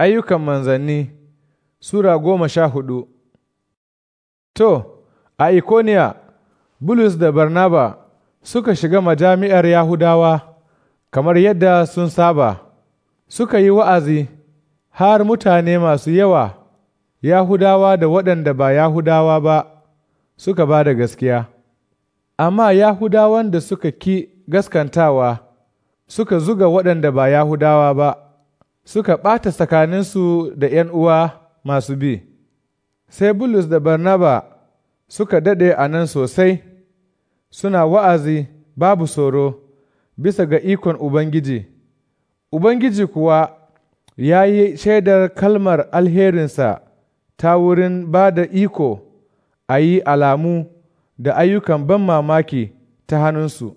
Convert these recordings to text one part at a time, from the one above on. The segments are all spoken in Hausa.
Ayyukan manzanni Sura goma sha hudu To, a Ikoniya, Bulus da Barnaba suka shiga majami'ar Yahudawa kamar yadda sun saba, suka yi wa'azi har mutane masu yawa, Yahudawa da waɗanda ba Yahudawa ba suka ba da gaskiya. Amma Yahudawan da suka ki gaskantawa suka zuga waɗanda ba Yahudawa ba. suka ɓata tsakaninsu da ’yan uwa masu bi, sai Bulus da Barnaba suka daɗe a nan sosai, suna wa'azi babu tsoro bisa ga ikon Ubangiji, Ubangiji kuwa ya yi shaidar kalmar alherinsa ta wurin ba da iko a yi alamu da ayyukan ban mamaki ta hannunsu.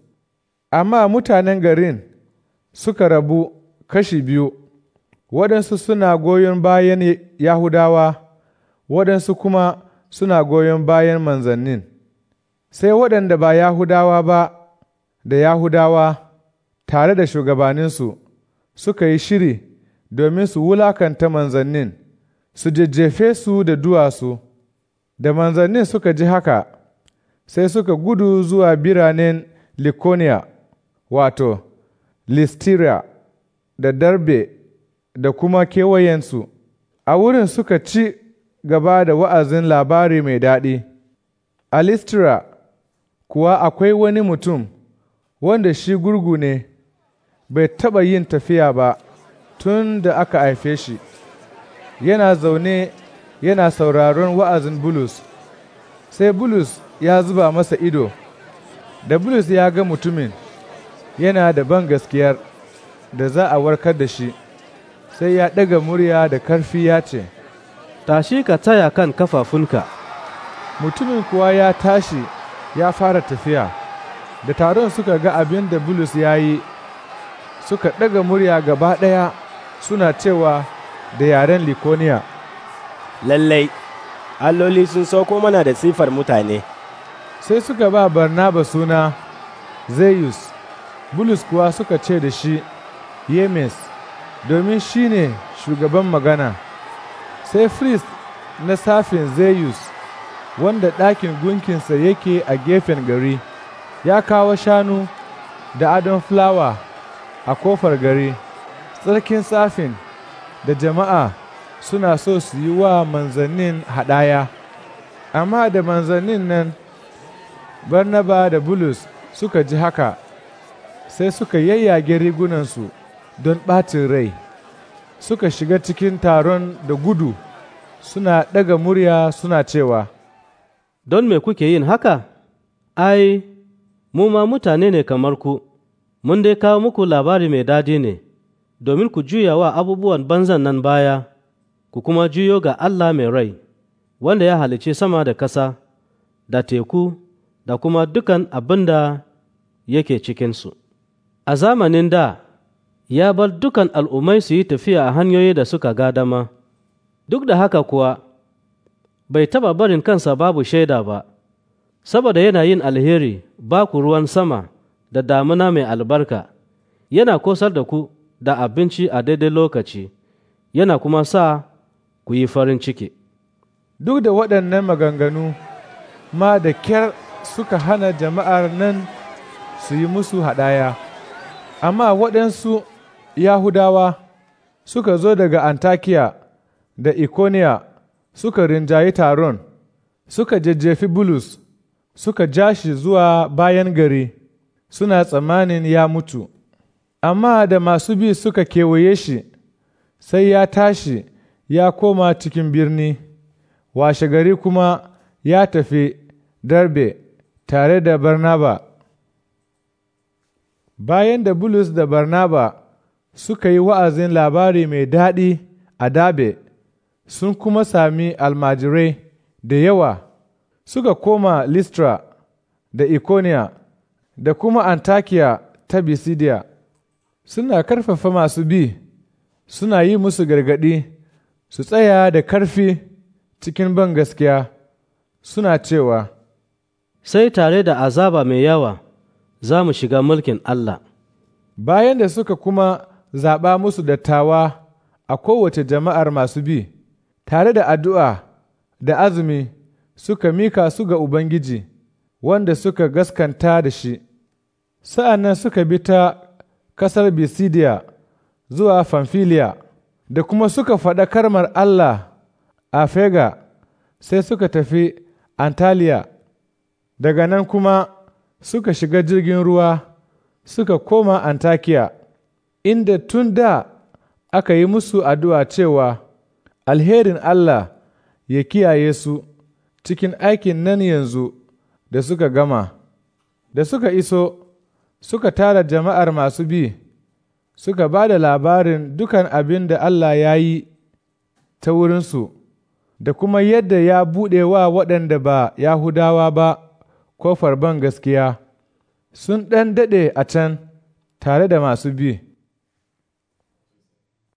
Amma mutanen garin suka rabu kashi biyu. waɗansu suna goyon bayan Yahudawa, waɗansu kuma suna goyon bayan manzannin, sai waɗanda ba Yahudawa ba da Yahudawa tare da shugabaninsu suka yi shiri domin su wulakanta manzannin, su jejjefe su da duwatsu, da manzannin suka ji haka, sai suka gudu zuwa biranen Likoniya, wato, Listeria da Darbe da kuma kewayensu, a wurin suka ci gaba da wa'azin labari mai daɗi. A Listira kuwa akwai wani mutum wanda shi gurgu ne, bai taɓa yin tafiya ba tun da aka haife shi, yana zaune yana sauraron wa'azin Bulus, sai Bulus ya zuba masa ido, da Bulus ya ga mutumin yana da ban gaskiyar da za a warkar da shi. sai ya ɗaga murya da karfi ya ce, Tashi ka tsaya kan kafafunka. Mutumin kuwa ya tashi ya fara tafiya, da taron suka ga abin da Bulus ya yi, suka ɗaga murya gaba ɗaya suna cewa da yaren Likoniya. Lallai, alloli sun sauko mana da sifar mutane. Sai suka ba Barnaba suna zeus Bulus kuwa suka ce da shi Yemes. domin shi ne shugaban magana sai frist na safin zeus wanda ɗakin gunkinsa yake a gefen gari ya kawo shanu da adon fulawa a kofar gari tsarkin safin da jama'a suna so su yi wa manzannin hadaya amma da manzannin nan barnaba da bulus suka ji haka sai suka yayyage rigunansu don ɓacin rai suka shiga cikin taron da gudu suna ɗaga murya suna cewa, Don me kuke yin haka? Ai, mu ma mutane ne kamar ku, mun dai kawo muku labari mai dadi ne, domin ku juya wa abubuwan banzan nan baya, ku kuma juyo ga Allah mai rai, wanda ya halice sama da ƙasa, da teku, da kuma dukan abin da yake cikinsu. A zamanin da, ya bar dukan al'ummai su yi tafiya a hanyoyi da suka ga dama, duk da haka kuwa bai taba barin kansa babu shaida ba, saboda yana yin alheri ba ku ruwan sama da damuna mai albarka, yana kosar da ku da abinci a daidai lokaci, yana kuma sa ku yi farin ciki. Duk da waɗannan maganganu ma da kyar suka hana jama'ar nan su yi musu haɗaya, amma waɗansu Yahudawa suka zo daga Antakiya da Ikoniya suka rinjayi taron, suka jajjefi Bulus, suka ja shi zuwa bayan gari, suna tsammanin ya mutu. Amma da masu bi suka kewaye shi, sai ya tashi ya koma cikin birni, washe gari kuma ya tafi Darbe tare da Barnaba. Bayan da Bulus da Barnaba suka yi wa'azin labari mai daɗi a dabe, sun kuma sami almajirai da yawa suka koma Listra da Ikoniya da kuma Antakiya ta Bisidiya, suna karfafa masu bi, suna yi musu gargaɗi, su tsaya da karfi cikin ban gaskiya, suna cewa, Sai tare da azaba mai yawa za mu shiga mulkin Allah. Bayan da suka kuma zaɓa musu dattawa a kowace jama'ar masu bi, tare da addu'a da azumi suka mika su ga Ubangiji, wanda suka gaskanta da shi. Sa'an nan suka bi ta ƙasar Bisidiya zuwa Famfiliya, da kuma suka faɗa karmar Allah a Fega, sai suka tafi Antaliya, daga nan kuma suka shiga jirgin ruwa suka koma Antakiya. inda tun da aka yi musu addu'a cewa alherin Allah ya kiyaye su cikin aikin nan yanzu da suka gama, da suka iso suka tara jama'ar masu bi, suka ba da labarin dukan abin da Allah ya yi ta wurinsu, da kuma yadda ya buɗe wa waɗanda ba Yahudawa ba kofar ban gaskiya, sun ɗan daɗe a can tare da masu bi.